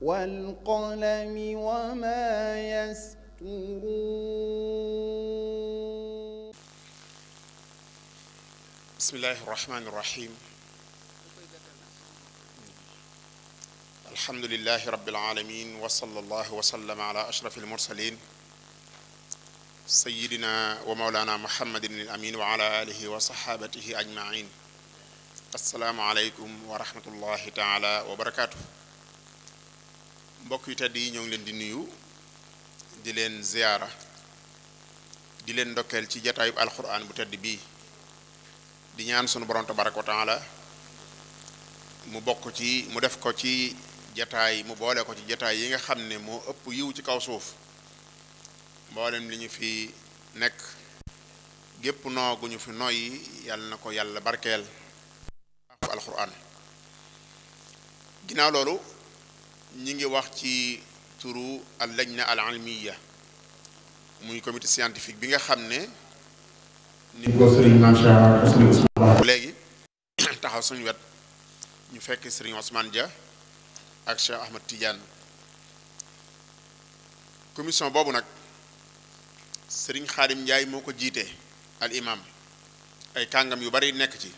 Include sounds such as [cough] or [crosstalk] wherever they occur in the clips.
والقلم وما يسطرون بسم الله الرحمن الرحيم الحمد لله رب العالمين وصلى الله وسلم على أشرف المرسلين سيدنا ومولانا محمد الأمين وعلى آله وصحابته أجمعين asalaamualeykum wa rahmatullahi taala wa mbokk yu tedd yi ñoo ngi leen di nuyu di leen ziyaara di leen ndokkeel ci jataayub alquran bu tedd bii di ñaan sunu borom tabaraka wa taala mu bokk ci mu def ko ci jataay mu boole ko ci jataay yi nga xam ne moo ëpp yiw ci kaw suuf mboolem li ñu fi nekk gépp noo ñu fi noyyi yàlla na ko yàlla barkeel alquran ginnaaw loolu ñi ngi wax ci turu al lajna al almiya muy comité scientifique bi nga xam ne ni ko léegi [coughs] taxaw suñu wet ñu fekk sëriñ Ousmane Dia ak Cheikh Ahmad Tidiane commission boobu nag sëriñ Xaadim Njaay moo ko jiite al imam ay kàngam yu bari nekk ci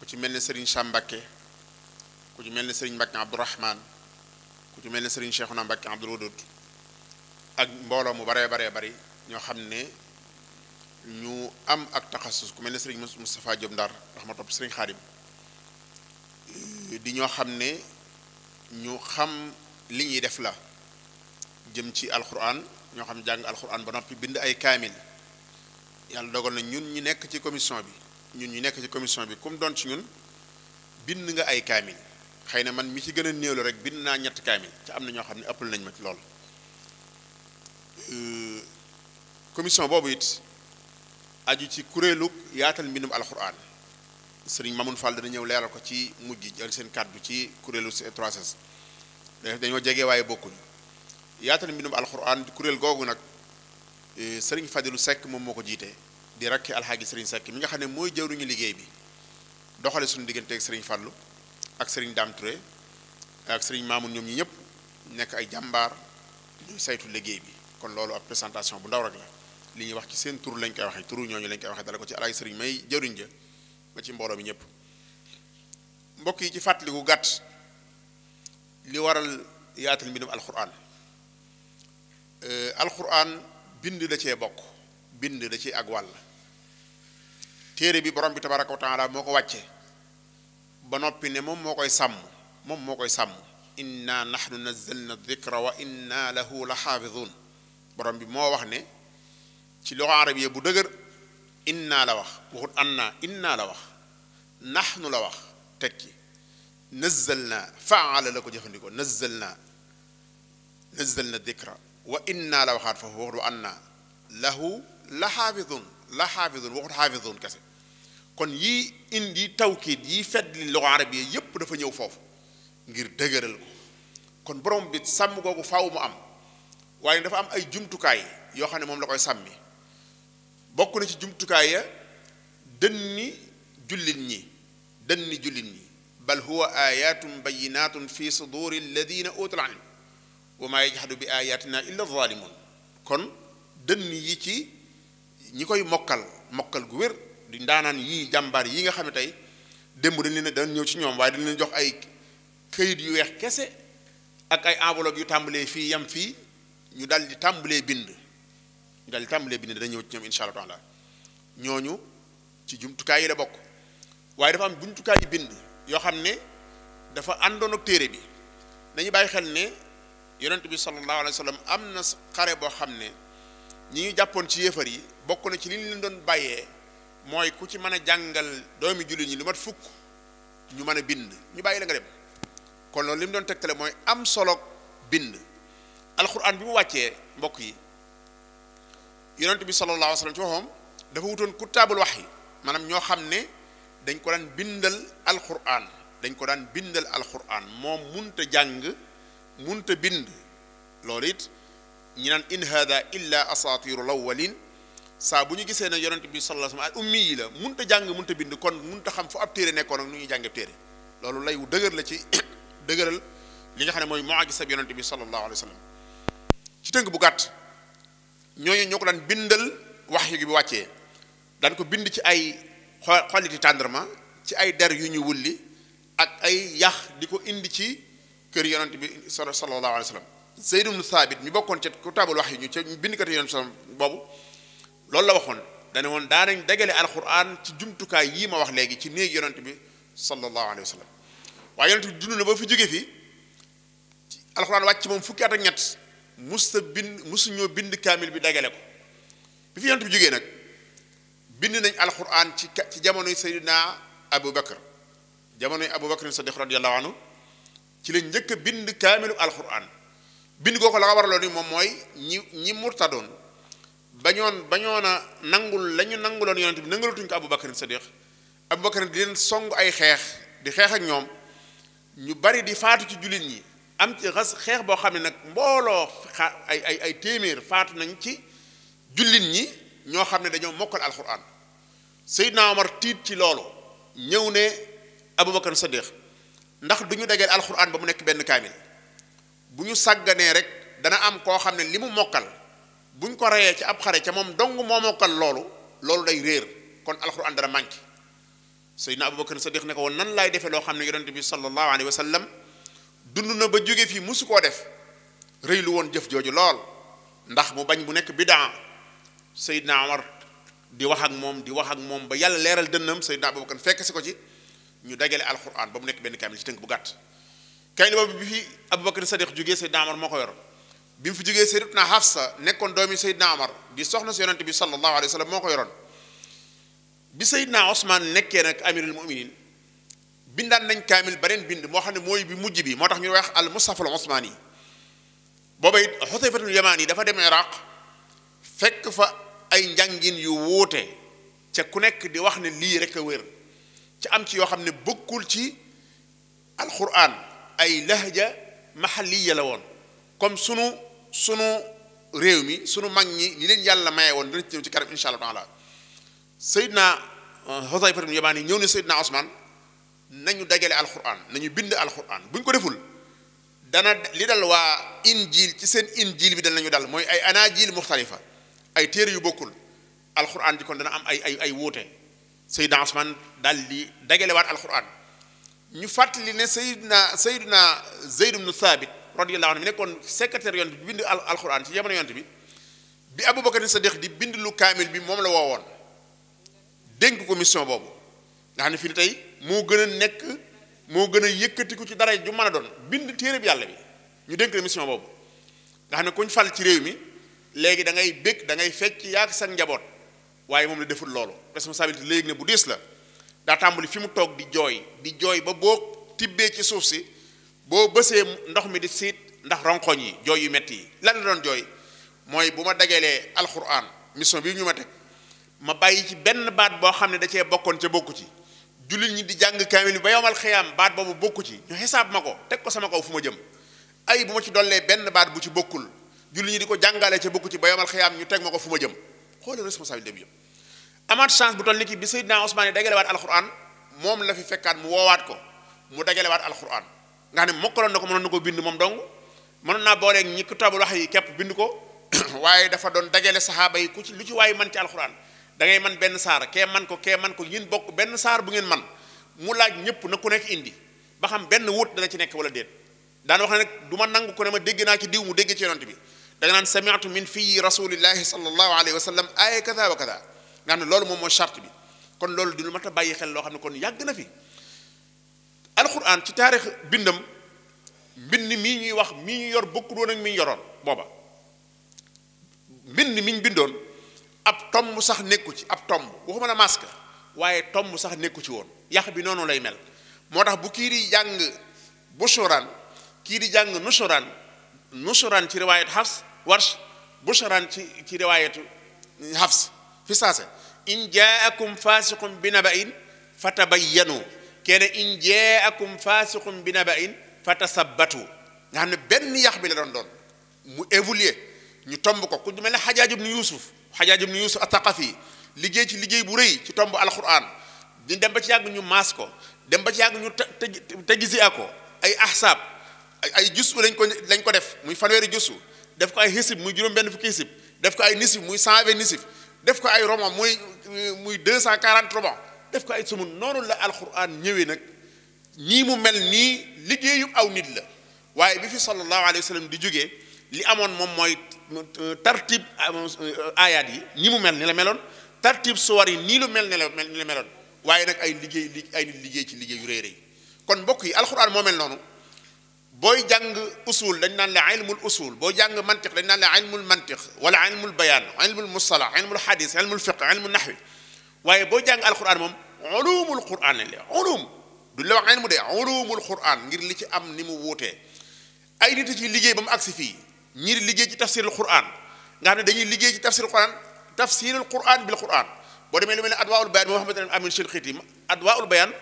ku ci mel ni sëriñ Sàmbakke ku ci mel ne sëriñ Mbakke Abdourahman ku ci mel ne sëriñ Cheikhouna Mbakke Abdoul Wadoud ak mbooloo mu baree baree bari ñoo xam ne ñu am ak taxasus ku mel ne sëriñ Moustapha Diop Ndar ndax ma topp sëriñ Xaadim di ñoo xam ne ñu xam li ñuy def la jëm ci alxuraan ñoo xam jàng alxuraan ba noppi bind ay kaamil yàlla dogal na ñun ñu nekk ci commission bi ñun ñu nekk ci commission bi comme doon ci ñun bind nga ay kaamil xëy na man mi ci gën a néewlu rek bind naa ñett kaamil ci am na ñoo xam ne ëppal nañ ma ci lool euh, commission boobu it aju ci kuréelu yaatal mbindum alxuraan sëriñ Mamoun Fall dana ñëw leeral ko ci mujj jël seen kàddu ci kuréelu 3S dañoo jege waaye bokkuñ yaatal mbindum alxuraan kuréel googu nag euh, sëriñ Fadilu sekk moom moo ko jiitee di rakki alxaaji sëriñ Seck mi nga xam ne mooy jawriñu liggéey bi doxale suñu diggante ak sëriñ Fallou ak sëriñ Dame ak sëriñ Mamoun ñoom ñi ñëpp nekk ay jàmbaar ñuy saytu liggéey bi kon loolu ab présentation bu ndaw rek la li ñuy wax ci seen tur lañ koy waxee turu ñooñu lañ koy waxee dala ko ci alxaaji sëriñ may jawriñ ja ba ci mbooloo mi ñëpp mbokk yi ci fàttaliku gàtt li waral yaatal mbindum alxuraan euh, alxuraan bind da cee bokk bind da ci ak wàll téere bi borom bi tabaraka wa taala moo ko wàcce ba noppi ne moom moo koy sàmm moom moo koy sàmm inna nahnu nazzalna dikra wa inna la xaafidun borom bi moo wax ne ci loxo arabiya bu dëgër la wax waxut anna inna la wax nahnu la wax tekki nazzalna faala la ko jëfandikoo nazzalna nazzalna dikra wa inna la waxaat foofu waxut anna lahu la xaafidun la xaafidun waxut xaafidun kese kon yi indi tawkiit yii fedli luga arabiya yépp dafa ñëw foofu ngir dëgëral ko kon borom bi sàmm googu faaw mu am waaye dafa am ay jumtukaay yoo xam ne moom la koy sàmmi bokk na ci jumtukaay ya ni jullit ñi dënni jullit ñi bal huwa ayatun bayinatun fi suduri alladina utul ilm wa maa bi ayatina illa zalimun kon dënn yi ci ñi koy mokkal mokkal gu wér di ndaanaan yii jàmbaar yi nga xam ne tey démb dañ leen dañ ñëw ci ñoom waaye dañ leen jox ay këyit yu weex kese ak ay enveloppe yu tàmbalee fii yam fii ñu dal di tàmbalee bind ñu dal di tàmbalee bind dana ñëw ci ñoom insha allah taala ñooñu ci jumtukaay yi la bokk waaye dafa am jumtukaay yi bind yoo xam ne dafa àndoon ak téere bi nañu bàyyi xel ne yonent bi sallallahu alayhi wa am na xare boo xam ne ñi ngi jàppoon ci yéefar yi bokk na ci li leen doon bàyyee mooy ku ci mën a jàngal doomi jullit ñi lu mat fukk ñu mën a bind ñu bàyyi la nga dem kon loolu li mu doon tegtale mooy am solo bind alxuraan bi mu wàccee mbokk yi yonent bi sallallahu alayhi wa dafa wutoon kuttaabul wax yi maanaam ñoo xam ne dañ ko daan bindal alxuraan dañ ko daan bindal alxuraan moom munta jàng munta bind loolu it ñu naan in hada illa asaatiru lawalin saa bu ñu gisee ne yonent bi sallallahu alayhi wasallam ummi la munta jàng munta bind kon munta xam fu ab téere nekkoon ak loolu lay wu dëgër la ci [coughs] dëgëral li nga xam ne mooy mu'jiza bi yonent bi sallallahu alayhi wasallam ci tënk bu gàtt ñooñu ñoo ko daan wax gi bi wàccee daan ko bind ci ay xoliti tendrement ci ay der yu ñu wulli ak ay yax di ko indi ci kër yonent bi sallallahu alayhi wasallam Zayd ibn Thabit mi bokkoon ca ku taabal wax yu ñu ca bindkat yonent boobu loolu la waxoon dane woon daanañ dagale alquran ci jumtukaay yii ma wax léegi ci néeg yonent bi sallallahu alayhi wa sallam waaye yonent bi dund na ba fi jóge fi wàcc moom fukki at ak ñett mus sa bind musuñoo bind kaamil bi dagale ko bi fi yonent bi jógee nag bind nañ alquran ci ci jamonoy Seydina Abu Bakar jamonoy Abu Bakar Sadiq radiyallahu anhu ci la njëkk a bind kaamilu alquran bind koo ko la nga waraloon ni moom mooy ñi ñi murtadoon bañoon bañoon a nangul lañu ñu nanguloon yonent bi nangalutuñ ko Aboubacar Sadiq Aboubacar di leen song ay xeex di xeex ak ñoom ñu bari di faatu ci jullit ñi am ci xeex boo xam ne nag mbooloo ay ay ay faatu nañ ci jullit ñi ñoo xam ne dañoo mokkal alxuraan Seydina Omar tiit ci loolu ñëw ne Aboubacar Sadiq ndax duñu ñu dajale alxuraan ba mu nekk benn kaamil bu ñu sàgganee rek dana am koo xam ne li mu mokkal. buñ ko reyee ci ab xare ca moom dong moo mokkal loolu loolu day réer kon alxuraan dara manqué Seydina Abubakar Sadiq ne ko woon nan laay defe loo xam ne yonent bi sallallahu alayhi wa sallam dund na ba jóge fii musu koo def rëy woon jëf jooju lool ndax mu bañ bu nekk bidaa Seydina Omar di wax ak moom di wax ak moom ba yàlla leeral dënnam Seydina Abubakar fekk si ko ci ñu dagale alxuraan ba mu nekk benn kaamil ci tënk bu gàtt kaamil boobu bi fi Abubakar Sadiq jógee Seydina Omar moo ko yor bi mu fi jógee na Hafsa nekkoon doomi sayyidna Omar di soxna si yonante bi sallallahu alayhi wa sallam moo ko yoroon bi sayyidna Osman nekkee nag amirul muminin bindaan nañ kaamil beneen bind moo xam ne mooy bi mujj bi moo tax ñu wax al mushaf al yi booba it xutayfatul yamaan yi dafa dem iraq fekk fa ay njàngin yu wuute ca ku nekk di wax ne lii rek a wér ci am ci yoo xam ne bokkul ci alquran ay lahja mahaliya la woon comme sunu sunu réew mi sunu mag ñi li leen yàlla maye woon dinañ ci ñëw ci kanam insha allah taala Seydina Xosayfa euh, ibn Yamaan yi ñëw ne Seydina Osman nañu dajale alquran nañu bind alquran buñ ko deful dana li dal waa injil ci seen injil bi danañu dal mooy ay anajil muxtalifa ay téere yu bokkul alquran ji kon dana am ay ay ay wuute Seydina Osman daal di dajalewaat alquran ñu fàttali ne Seydina Seydina Zeyd ibn Thabit radiyallahu anhu mi nekkoon secrétaire yonent bi bind alquran ci jamono yonent bi bi Abubakar Sadiq di bind lu kaamil bi moom la woowoon dénk ko mission boobu nga xam ne fi ni tey moo gën a nekk moo gën a yëkkatiku ci dara ju mën a doon bind téere bi yàlla bi ñu dénk la mission boobu nga xam ne koñ fal ci réew mi léegi da ngay bég da ngay fecc yaag sa njaboot waaye moom la deful loolu responsabilité léegi ne bu diis la daa tàmbali fi mu toog di jooy di jooy ba boo tibbee ci suuf si boo bësee ndox mi di siit ndax ronkoñ yi jooy yu metti yi lan la doon jooy mooy bu ma dajalee alxuraan mission bii ñu ma teg ma bàyyi ci benn baat boo xam ne dacee bokkoon ca bokku ci jullit ñi di jàng kaamil bi ba yowmal xiyaam baat boobu bokku ci ñu ma ko teg ko sama kaw fu ma jëm ay bu ma ci dollee benn baat bu ci bokkul jullit ñi di ko jàngalee ca bokk ci ba yowmal xiyaam ñu teg ma ko fu ma jëm xoolal responsabilité bi yëpp amaat chance bu toll ni ki bi Seydina Ousmane dagalewaat alxuraan moom la fi fekkaat mu woowaat ko mu dagalewaat alxuraan nga xam ne mokkaloon na ko mënoon na ko bind moom dong mënoon naa booleeg ñi ku tabul wax yi képp bind ko [coughs] waaye dafa doon dajale saxaaba yi ku ci lu ci waaye man ci alxuraan da ngay man benn saar kee man ko kee man ko ngeen bokk benn saar bu ngeen man mu laaj ñëpp na ku nekk indi ba xam benn wut dana ci nekk wala déet daan wax na nag du ma nangu ko ne ma dégg naa ci diw mu dégg ci yonent bi da nga naan sami'tu min fii rasulillahi sallallahu alayhi wa sallam aaya kada wa kada nga xam ne loolu moom moo charte kon loolu di lu a bàyyi xel loo xam ne kon yàgg na fi alxuraan ci taarix bindam mbind mii ñuy wax mii ñu yor bokkul woon ak mi ñu yoroon booba mbind mi ñu bindoon ab tomb sax nekku ci ab tomb waxuma la masque waaye tomb sax nekku ci woon yàq bi noonu lay mel moo tax bu kii di jàng bushuraan kii di jàng nusuraan nusuraan ci riwaayatu Hafs warsh bushuraan ci ci riwaayatu Hafs fi saase in jaakum faasiqun bi naba'in fatabayyanu kene in jaakum fasiqum bi naba'in fatasabbatu nga xam ne benn yax bi la doon doon mu évoluer ñu tomb ko ku mel ne xajaaj ibnu yuusuf xajaaj ibnu yuusuf athaqafi liggéey ci liggéey bu rëy ci tomb alquran ñu dem ba ci yàgg ñu maas ko dem ba ci yàgg ñu tajisi a ko ay ahsaab ay jusu lañ ko lañ ko def muy fanweeri jusu def ko ay hisib muy juróom benn fukki hisib def ko ay nisif muy cent vingt nisif def ko ay roman muy muy deux cent quarante roman def ko ay sumu noonu la alquran ñëwee nag ñii mu mel nii liggéeyu aw nit la waaye bi fi sallallahu alayhi wa sallam di jógee li amoon moom mooy euh, tartib euh, aayaat yi ñi mu mel ni la meloon tartib suwar yi nii lu mel ni la mel ni la meloon waaye nag ay liggéey li ay liggéey ci liggéey yu rëy kon mbokk yi alquran moo mel noonu booy jàng usul dañ naan la ilmul usul boo jàng mantiq dañ naan la ilmul mantiq wala ilmul bayaan ilmul musala ilmul hadis ilmul fiq ilmul nahwi waaye boo jàng alquran moom ulumul quran lañ la ulum du la wax neen mu dee ulumul quran ngir li ci am ni mu wuutee ay nit ci liggéey ba mu agsi fii ñii di liggéey ci tafsirul quran nga xam ne dañuy liggéey ci tafsirul quran tafsirul quran bil quran boo demee lu mel ne adwaul bayan bi Muhammad Amin Shinqiti adwaul bayan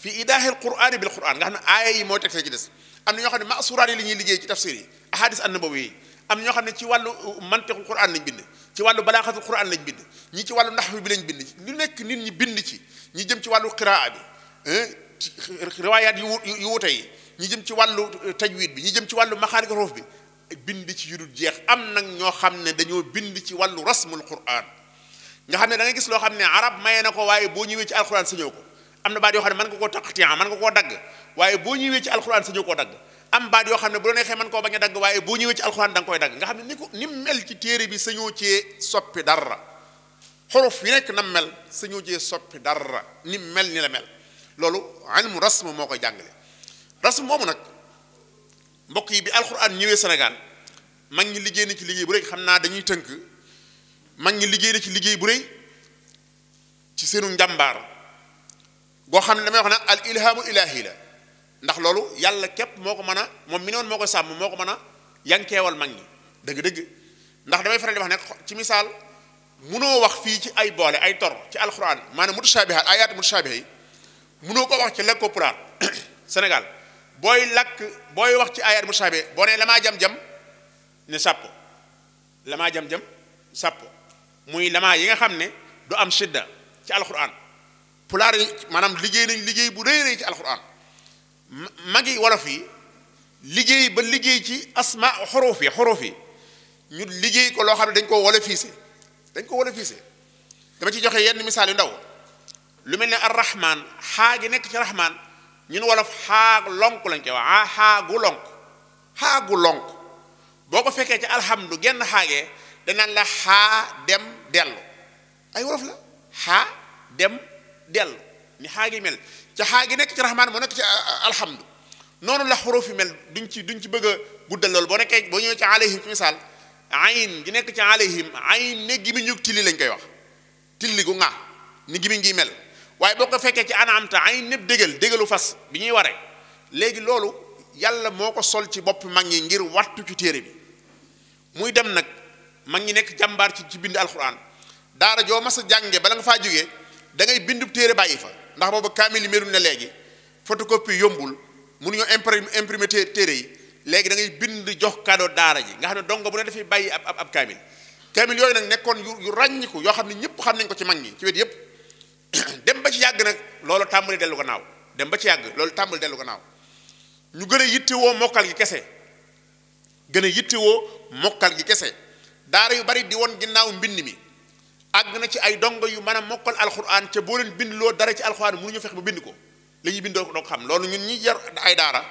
fi idaahil qurani bil quran nga xam ne aaya yi mooy texte ci des am na ñoo xam ne masuraani li ñuy liggéey ci tafsir yi ahadis an nabawi am ñoo xam ne ci wàllu uh, mantiqul quran lañ bind ci wàllu balaaxatul quran lañ bind ñi ci wàllu naxwi bi lañ bind lu nekk nit ñi bind ci ñi jëm ci wàllu qiraa bi eh, riwaayaat yu wute yi ñi jëm ci wàllu uh, tajwid bi ñi jëm ci wàllu maxaarij ruuf bi bind ci yu jeex am nag ñoo xam ne dañoo bind ci wàllu rasmul quran nga xam ne da gis loo xam ne arab maye na ko waaye boo ñëwee ci alquran sañoo ko am na baat yoo xam ne mën nga koo taqtiya mën nga koo dagg waaye boo ñëwee ci alquran sañoo koo dagg am baat yoo xam ne bu la neexee man koo bañ a dagg waaye boo ñëwee ci alxuraan da koy dagg nga xam ne ni ko ni mel ci téere bi sañoo cee soppi dara xuruf yi nekk na mel sañoo cee soppi dara ni mel ni la mel loolu ilmu rasm moo koy jàngale rasm moomu nag mbokk yi bi alxuraan ñëwee Sénégal mag ñi liggéey na ci liggéey bu rëy xam naa dañuy tënk mag ñi liggéey na ci liggéey bu rëy ci seenu njàmbaar boo xam ne damay xam ne al ilhamu ilahi la ndax loolu yàlla képp moo ko mën a moom mi noonu moo ko sàmm moo ko mën a yankeewal mag ñi dëgg-dëgg ndax damay faral di wax ne ci misaal munoo wax fii ci ay boole ay tor ci alxuraan maanaam mutashaabihaat ayaat mutashaabiha yi munoo ko wax ci lekk pulaar [coughs] Sénégal booy lakk booy wax ci ayaat mutashaabiha boo nee lamaa jam-jam ne sàppo lamaa jam-jam sàppo muy lamaa yi nga xam ne du am shidda ci alxuraan pulaar yi maanaam liggéey nañ liggéey bu rëy rëy ci alxuraan yi wolof yi liggéey ba liggéey ci asma xorof yi xorof yi ñu liggéey ko loo xam ne dañ koo wolofisé dañ ko wolofisé dama ci joxe yenn misaal yu ndaw lu mel ni ar rahman xaa gi nekk ci rahman ñun wolof xaag lonk lañ ko wax ah xaagu lonk xaagu lonk boo ko fekkee ci alhamdu genn xaagee danaan la xaa dem dellu ay wolof la xaa dem dellu ni xaagi mel ca xaa gi nekk ci rahmaan moo nekk ci alhamdu noonu la xuruf yi mel duñ ci duñ ci bëgg a guddal loolu boo nekkee boo ñëwee ci alayhim ci misaal ayn gi nekk ci alayhim ayn ne gimiñ ñu tilli lañ koy wax tilli gu nga ni gimiñ ngi mel waaye boo ko fekkee ci anaamta ayn népp dégal dégalu fas bi ñuy waree léegi loolu yàlla moo ko sol ci bopp mag ñi ngir wattu ci téere bi muy dem nag mag ñi nekk jàmbaar ci ci bind alxuraan daara joo mas a jànge ba nga faa jógee da ngay bindub bàyyi fa ndax boobu kaamil yi melul na léegi photocopie yombul mu mënuñoo imprim imprimer téere yi léegi da ngay bind jox cadeau daara ji nga xam ne dongo bu ne dafay bàyyi ab ab kaamil kaamil yooyu nag nekkoon yu yu ràññiku yoo xam ne ñëpp xam nañ ko ci mag ñi ci wet yëpp [clears throat] dem ba ci yàgg nag loolu tàmbali dellu ko naaw dem ba ci yàgg loolu tàmbali dellu gannaaw ñu gën a yittewoo mokkal gi kese gën a yittewoo mokkal gi kese daara yu bari di woon ginnaaw mbind mi àgg na ci ay dongo yu man a mokkal alxuraan ca boo leen bind loo dara ci alxuraan mënuñu fexe ba bind ko la ñuy bindoo doo ko xam loolu ñun ñi yar ay daara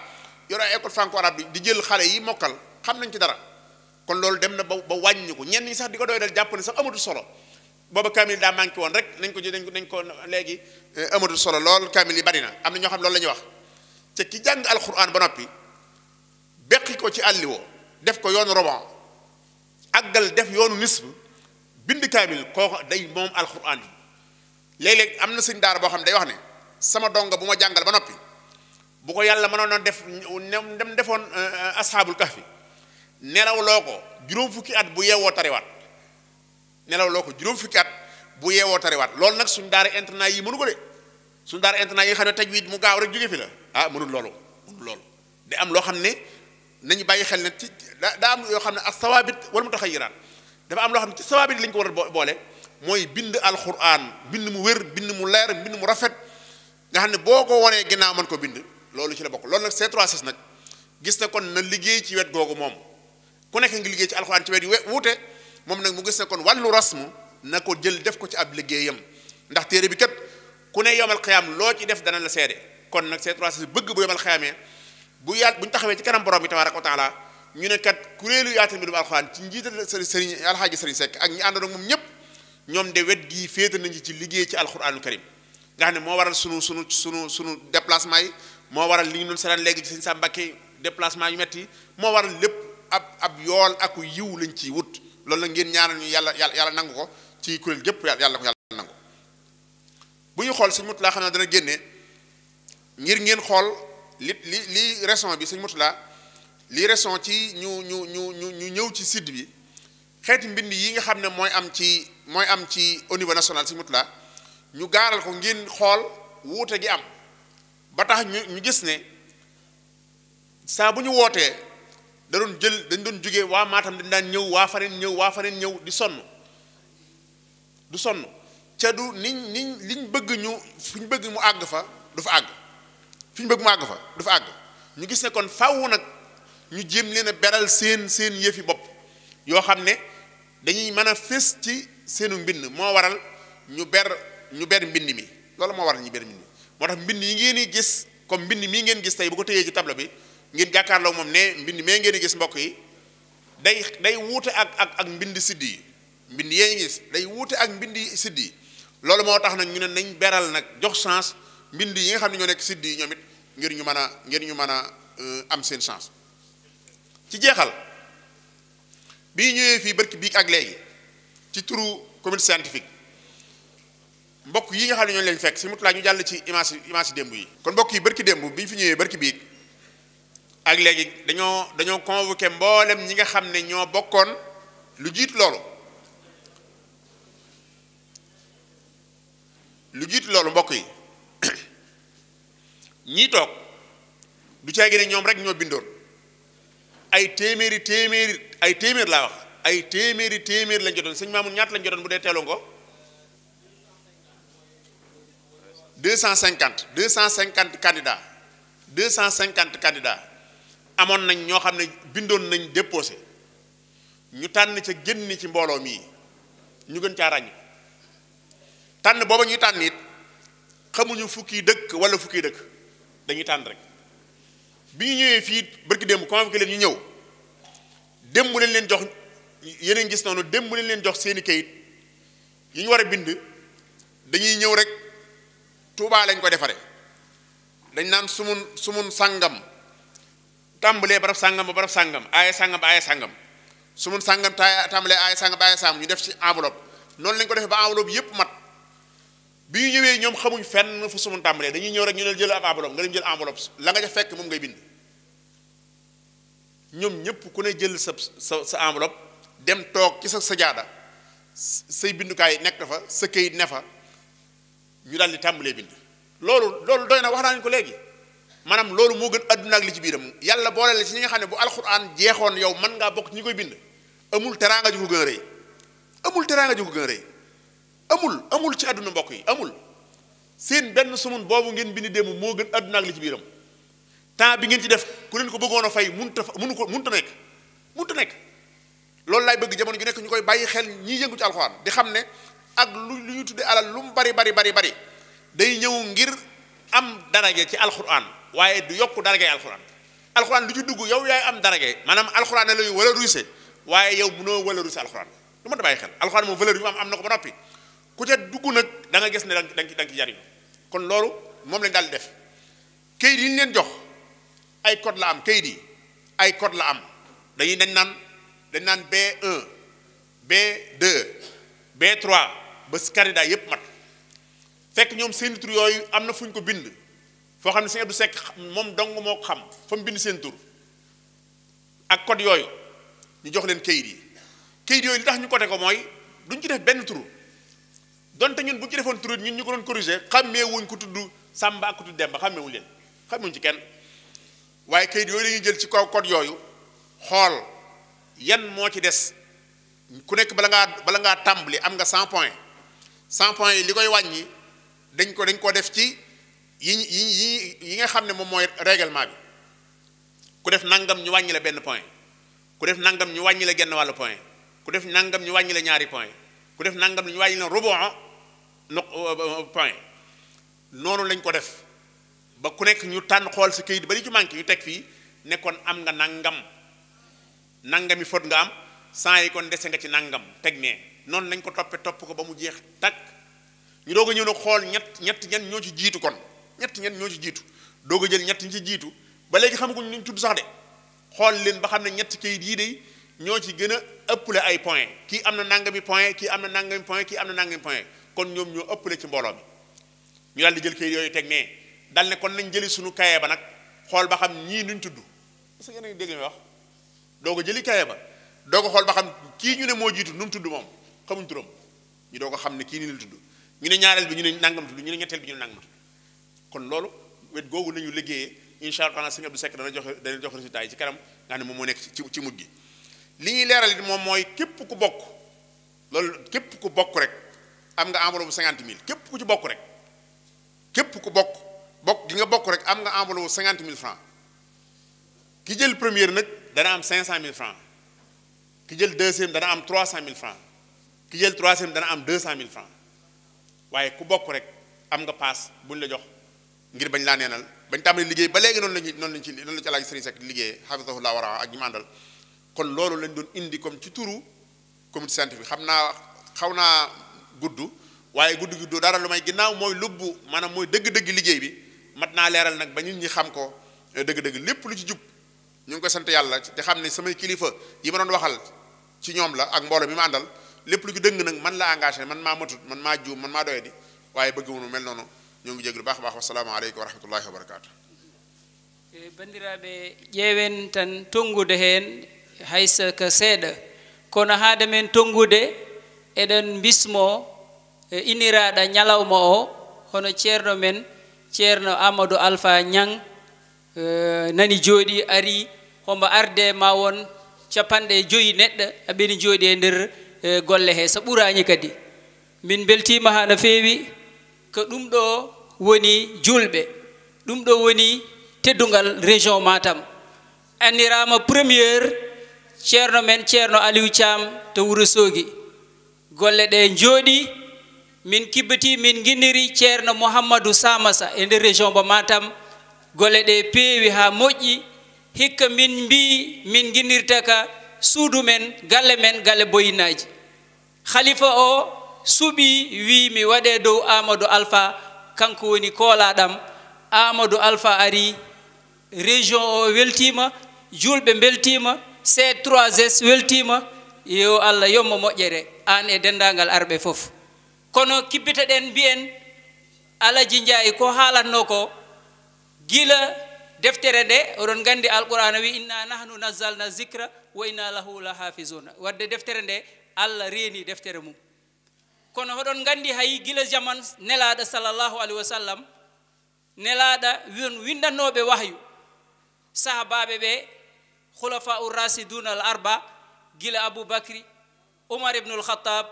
yor ay école franco bi di jël xale yi mokkal xam nañ ci dara kon loolu dem na ba ba wàññi ko ñenn ñi sax di ko doy dal jàpp ne sax amatu solo booba kaamil daa manqué woon rek nañ ko jël nañ ko léegi eh, amatu solo lool kaamil yi bari na am na ñoo xam loolu la wax te ki jàng alxuraan ba noppi beqi ko ci àlliwoo def ko yoonu roban àggal def yoonu nisb bind kaamil koo day moom alxuraan yi léeg-léeg am na sëñ daara boo xam ne day wax ne sama dongo bu ma jàngal ba noppi bu ko yàlla mënoon a def dem defoon euh, euh, asxaabul kahfi nelaw loo ko juróom fukki at bu yeewoo tariwaat nelaw loo ko juróom fukki at bu yeewoo tariwaat loolu nag suñ daar internat yi mënu ko de suñ daar internat yi xam ne tajwid mu gaaw rek jóge fi la ah mënul loolu mënul loolu de am loo xam ne nañu bàyyi xel ne da daa am yoo xam ne as sawaabit wala mu tax a dafa am loo xam ne ci sawaabit lañ ko war a boole mooy bind alxuraan bind mu wér bind mu leer bind mu rafet nga xam ne boo ko wanee ginnaaw man ko bind loolu ci la bokk lool nag C3S nag gis na kon na liggéey ci wet googu moom ku nekk ngi liggéey ci alxuraan ci wet yu wuute moom nag mu gis na kon wàllu rasmu na ko jël def ko ci ab liggéeyam ndax téere bi kat ku ne yomal xiyaam loo ci def dana la seede kon nag C3S bëgg bu yomal xiyaamee bu yaat bu ñu taxawee ci kanam borom bi tabaaraka wa taala ñu ne kat kuréelu yaatal mbindum alxuraan ci njiital sëriñ alxaaji sëriñ Seck ak ñi àndoon na moom ñëpp ñoom de wet gii féetal nañu ci liggéey ci alxuraanul karim nga xam ne moo waral sunu sunu sunu sunu déplacement yi moo waral li ñu doon seetaan léegi ci sa Sam Mbacké yu metti moo waral lépp ab ab yool aku yiw lañ ciy wut loolu la ngeen ñaanal ñu yàlla yàlla yàlla nangu ko ci kuréel gépp yàlla ko yàlla nangu bu ñu xool sëñ Mutulaa xam ne dana génne ngir ngeen xool li li li raison bi sëñ Mutulaa li raison ci ñu ñu ñu ñu ñu ñëw ci sud bi xeeti mbind yi nga xam ne mooy am ci mooy am ci au niveau national si mutla ñu gaaral ko ngeen xool wuute gi am ba tax ñu gis ne saa bu ñu wootee da doon jël dañ doon jóge waa Matam dañ daan ñëw waa faneen ñëw waa faneen ñëw di sonn du sonn ca du niñ niñ liñ bëgg ñu fi bëgg mu àgg fa du fa àgg fiñ bëgg mu àgg fa du fa àgg ñu gis ne kon faaw nag ñu jéem leen a beral seen seen yëfi bopp yoo xam ne dañuy mën a fés ci seenu mbind moo waral ñu ber ñu ber mbind mi loolu moo waral ñu ber mbind mi moo tax mbind yi ngeen di gis comme mbind mii ngeen gis tey bu ko ci tableau bi ngeen jàkkaarloo moom ne mbind mee ngeen gis mbokk yi day day wuute ak ak mbind sidd yi mbind yee day wuute ak mbind sidd yi loolu moo tax nag ñu ne nañ beral nag jox chance mbind yi nga xam ne ñoo nekk sidd yi ñoom it ngir ñu mën a ngir ñu mën a euh, am seen chance ci jeexal bi ñëwee fii barki bii ak léegi ci turu comité scientifique mbokk yi nga xam ne ñoo lañ fekk si mutulaa ñu jàll ci image image démb yi. kon mbokk yi barki démb bi ñu fi ñëwee barki bii ak léegi dañoo dañoo convoqué mboolem ñi nga xam ne ñoo bokkoon lu jiit loolu lu jiit loolu mbokk yi [coughs] ñii toog du caagi ne ñoom rek ñoo bindoon. ay téeméeri téeméeri ay téeméer laa wax ay téeméeri téeméer lañ jotoon sëñ Mamoun ñaata lañ jotoon bu dee teeloon ko 250 250 cent 250 candidats amoon nañ ñoo xam ne bindoon nañ déposé ñu tànn ca génn ci mbooloo mii ñu gën caa ràññ tànn booba ñuy tànn it xamuñu fukki dëkk wala fukki dëkk dañuy tànn rek bi ñu ñëwee fii barki démb convoqué leen ñu ñëw démb leen leen jox yeneen gis noonu démb leen leen jox seeni kayit yi ñu war a bind dañuy ñëw rek Tuubaa lañ ko defare dañ naan sumun sumun sàngam tàmbalee barab sàngam ba barab sàngam aaye sàngam ba aaye sàngam sumun sàngam ta tàmbalee aaye sàngam ba aaye sàngam ñu def ci enveloppe noonu lañ ko defee ba enveloppe yépp mat bi ñu ñëwee ñoom xamuñ fenn fu sumun tàmbalee dañuy ñëw rek ñu leen jël ab enveloppe nga dem jël enveloppe la nga ca fekk moom ngay bind ñoom ñëpp ku ne jël sa sa sa enveloppe dem toog ci sa sajaada say bindukaay nekk fa sa këyit ne fa ñu daal di tàmbalee bind loolu loolu doy na wax naa ñu ko léegi maanaam loolu moo gën àdduna ak li ci biiram yàlla boole la si ñi nga xam ne bu alxuraan jeexoon yow man ngaa bokk ci ñi koy bind amul teraanga ju ko gën amul teraanga ju ko gën amul amul ci àdduna mbokk yi amul seen benn sumun boobu ngeen bindi démb moo gën àdduna ak li ci biiram temps bi ngeen ci def ku leen ko bëggoon a fay munta munu ko munta nekk munta nekk loolu laay bëgg jamono ju nekk ñu koy bàyyi xel ñiy yëngu ci alxuraan di xam ne ak lu lu ñu tuddee alal lu mu bari bari bari bari day ñëw ngir am daraje ci alxuraan waaye du yokk darajey alxuraan alxuraan lu ñu dugg yow yaay am darajey maanaam alxuraan ne lañu wala ruuse waaye yow mënoo wala ruuse alxuraan lu ma da bàyyi xel alxuraan moom am am na ko ba ku ca dugg nag danga gis ne da nga da nga ci jariñu kon loolu moom lañ daal def kayit yi ñu leen jox ay code la am kayit yi ay code la am dañuy dañ naan dañ naan B1 B2 B3 ba candidat yépp mat fekk ñoom seen tur yooyu am na fu ñu ko bind foo xam ne Sëñ Abdou sekk moom dong moo xam fa mu bind seen tur ak code yooyu ñu jox leen kayit yi kayit yooyu li tax ñu côté ko mooy duñ ci def benn tur donte ñun bu ñu ci defoon turut ñun ñu ko doon corriger xàmmee wuñ ko tudd Samba ak ku tudd Demba xàmmee wuñ leen xàmmee ci kenn waaye kayit yooyu la jël ci kaw code yooyu xool yan moo ci des ku nekk bala ngaa bala ngaa tàmbali am nga 100 points 100 points yi li koy wàññi dañ ko dañ ko def ci yi yi yi nga xam ne moom mooy règlement bi ku def nangam ñu wàññi la benn point ku def nangam ñu wàññi la genn wàllu point ku def nangam ñu wàññi la ñaari point ku def nangam ñu wàññi la rubon no uh, uh, uh, point noonu lañ ko def ba ku nekk ñu tànn xool si kayit ba li ci manqué ñu teg fii nekkoon am nga nangam nangami fot nga am san yi kon dese nga ci nangam teg nee noonu lañ ko toppe topp ko ba mu jeex takk ñu doog a ñëw nag xool ñett ñett ñan ñoo ci jiitu kon ñett ñan ñoo ci jiitu doog a jël ñett ñi ci jiitu ba léegi xamaguñ ñu tudd sax de xool leen ba xam ne ñett kayit yii de ñoo ci gën a ëppale ay point kii am na nangami point kii am na nangami point kii am na nangami point kon ñoom ñoo ëppale ci mbooloo mi ñu daal jël kayit yooyu teg nee dal ne kon nañ jëli suñu kaye ba nag xool ba xam ñii nuñ tudd parce que yéen a ngi dégg may wax doo ko jëli kaye ba doo ko xool ba xam kii ñu ne moo jiitu nu mu tudd moom xamuñ turam ñu doo ko xam ne kii nii ñu ne ñaareel bi ñu ne nangam tudd ñu ne ñetteel bi ñu ne nangam loolu wet googu nañu liggéeyee incha allah sëñ Abdou Seck dana joxe dana joxe résultat yi ci kanam nga ne moom moo nekk ci ci mujj gi li ñuy leeral it moom mooy képp ku bokk loolu képp ku bokk rek am nga enveloppe cinquante mille képp ku ci bokk rek képp ku bokk bokk gi nga bokk rek am nga enveloppe cinquante mille francs ki jël première nag dana am cinq cent mille francs ki jël deuxième dana am trois cent mille francs ki jël troisième dana am deux cent mille francs waaye ku bokk rek am nga paas bu ñu la jox ngir bañ laa neenal bañ tàmbali liggéey ba léegi noonu la ñuy noonu lañ ci noonu la ci alaaji sëriñ Seck liggéeyee hafizahullah wara ak ñu àndal kon loolu lañ indi comme ci turu comité scientifique xam naa xaw naa gudd waaye gudd gudd du dara lu may ginnaaw mooy lubbu maanaam mooy dëgg-dëgg liggéey bi mat naa leeral nag ba nit ñi xam ko eh, dëgg-dëgg lépp lu ci jub ñu ngi koy sant yàlla te xam ne samay kilifa yi ma doon waxal ci ñoom la ak mbooloo mi ma lépp lu ci dëng nag man laa engagé man maa matut man maa juum man maa doyadi waaye bëgg mu mel noonu ñoo ngi jéglu baax baax wasalaamaaleykum wa rahmatullahi wa barakatu e, bandiraɓe ƴeewen tan tonngude heen hayso ko seeɗa kono eɗen bismo e iniraɗa ñalawma o hono ceerno men ceerno amadou alpha e, nani jooɗi ari homo arde ma won capanɗe joyi neɗɗo aɓeni jooɗi e nder e, golle he so ɓurani kadi min beltima ha no ko ɗum ɗo woni julɓe ɗum ɗo woni teddugal région matam annirama premiére ceerno men ceerno to wuuro soogi golle ɗe jooɗi min kibbiti min guiniri ceerno mouhammadou samasa e nder région matam golle ɗe peewi ha moƴƴi hikka min mbi min guinirta ka men galle men galle boyinaji khalifa o suɓi wi mi waɗe dow amadou alpha kanko woni koolaɗam amadou alpha ari région o weltima julɓe beltima c 3 weltima yo allah yommo moƴƴere an e denndaangal arɓe fof kono kibbiteɗen mbi'en alaji njaayi ko haalatno ko gila deftere nde oɗon nganndi alqur'ana wi inna nahnu nazzalna zicra wa inna lahu la wadde deftere nde allah reeni deftere mum kono hoɗon nganndi hay gila jaman nelaaɗo sallllahu wahyu sahabaaɓe ɓe khulafa ur rasiduna gila abu bakri umar ibnu alkhatab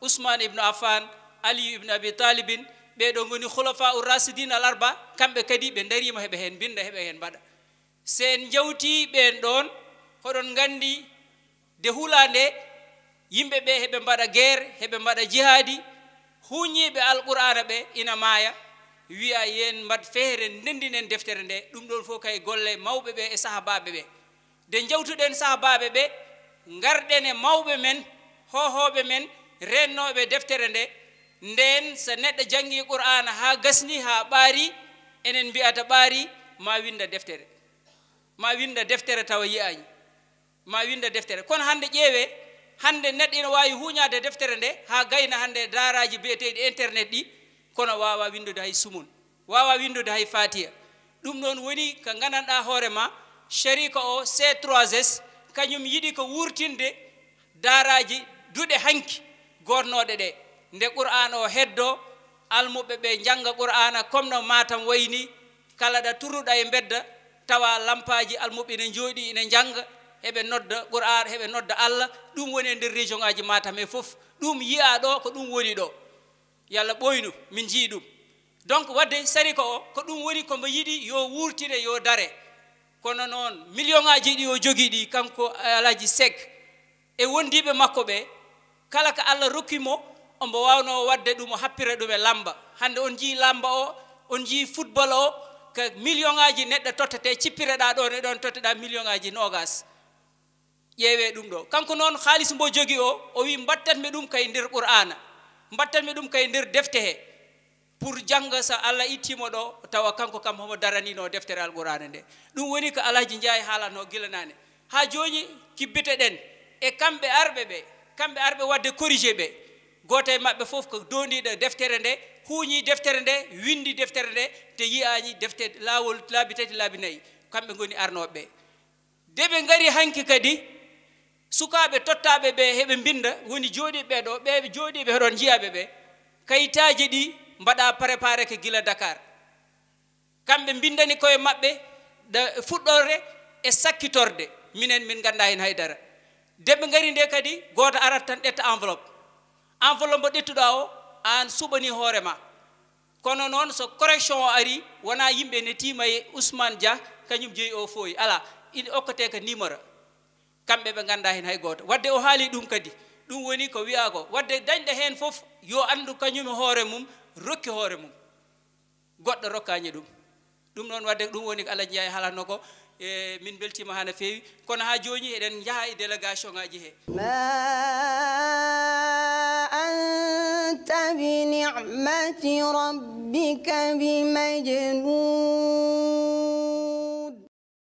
usman ibnu affan aliyu ibnu abi talibin ɓeɗo goni hulafa u rasidin al arba kamɓe kadi ɓe darima heɓe hen binda heɓe hen mbaɗa se en jawti ɓen ɗon hoɗon gandi de huula nde yimɓe ɓe heɓe mbaɗa guerre heɓe mbaɗa jihadi huñiɓe alqur'ana ɓe ina maaya wiya yen mbat feere ndendinen deftere nde ɗum ɗon fof kay golle mawɓe ɓe e sahabaɓe ɓe nde jawtuɗen sahabaɓe ɓe garɗene mawɓe men hohoɓe men rennoɓe deftere nde nden so neɗɗo jangi qur'ana ha gasni ha ɓaari enen mbiyata ɓaari ma winda deftere tawa yiyani ma winda deftere kono hande ƴeewe hande neɗɗo ina wawi huñade deftere nde ha gayna hande daraji biyeteɗi internet ɗi kono wawa windude hay sumun wawa windude hay fatiya ɗum noon woni ko gandanɗa hoorema sharika o c 3 kañum yiɗi ko wurtinde daaraji duɗe hanki gornoɗe ɗe nde qur'an o heddo almuɓe ɓe janga qur'ana comme matam wayni kala ɗa turruɗa e bedda tawa lampaji almuɓe ne jooɗi ine janga heɓe nodda qur'an heɓe nodda allah ɗum woni e nder région ngaji matam e fof ɗum yiya ɗo ko ɗum woni ɗo yallah ɓoynu min jii ɗum donc wadde sariko o ko ɗum woni komo yiɗi yo wurtire yo dare kono noon million ɗi o jogii ɗi kanko eh, alaji sek e wondiiɓe makko ɓe kala ko allah rokkimo ombo wawno wadde ɗum o happira ɗum e lamba hannde on jii lamba o on jii football o ko million ŋaji neɗɗo tottete cippireɗa ɗon e ɗon totteɗa million ŋaji nogas ƴeewe ɗum ɗo kanko noon haalis mbo jogi o o wi mbattanmi ɗum kay nder qur'ana mbattanmi ɗum kay nder defte he pour janga so allah ittimo ɗo tawa kanko kam homo daranino deftere alqurana ɗum woni ko alaji jeeyi haalatno gilanani ha joni kibbite ɗen e kamɓe arɓe ɓe kamɓe arɓe wadde corrigé ɓe goto e maɓɓe fof ko dondiɗo deftere nde huuñi deftere nde windi deftere nde te yiyani deftere laawol tati laabi nayyi kamɓe goni arnoɓe ɓe de ɓe hanki kadi sukaɓe tottaɓe ɓe heɓe binda woni jooɗiɓe ɓeɗo ɓe jooɗiɓe hoɗon jiyaɓe ɓe kayitaji ɗi mbaɗa préparé ko gila dakar kamɓe mbindani koye maɓɓe fuɗɗorde e sakkitorde minen min ganda hen haydara deɓe gari nde kadi goto arat tan ƴetta enveloppe enveloppe mo ɗettuɗa o an suɓani hoorema kono noon so correction o ari wona yimɓe ne tima e ousmane dia kañum o fooyi ala ine okkate ko kamɓe ɓe ganda hen hay goto wadde o haali ɗum kadi ɗum woni ko wiya wadde dañɗo hen foof yo andu kañum e hoore mum rokki hoore mum goɗɗo rokkani ɗum ɗum noon wadde ɗum woni ko alaji yaye halatno e min beltima ha no feewi kono ha joni eɗen jaaha e délégation ngaji he ma anta bi nicmati rabbika bi majnun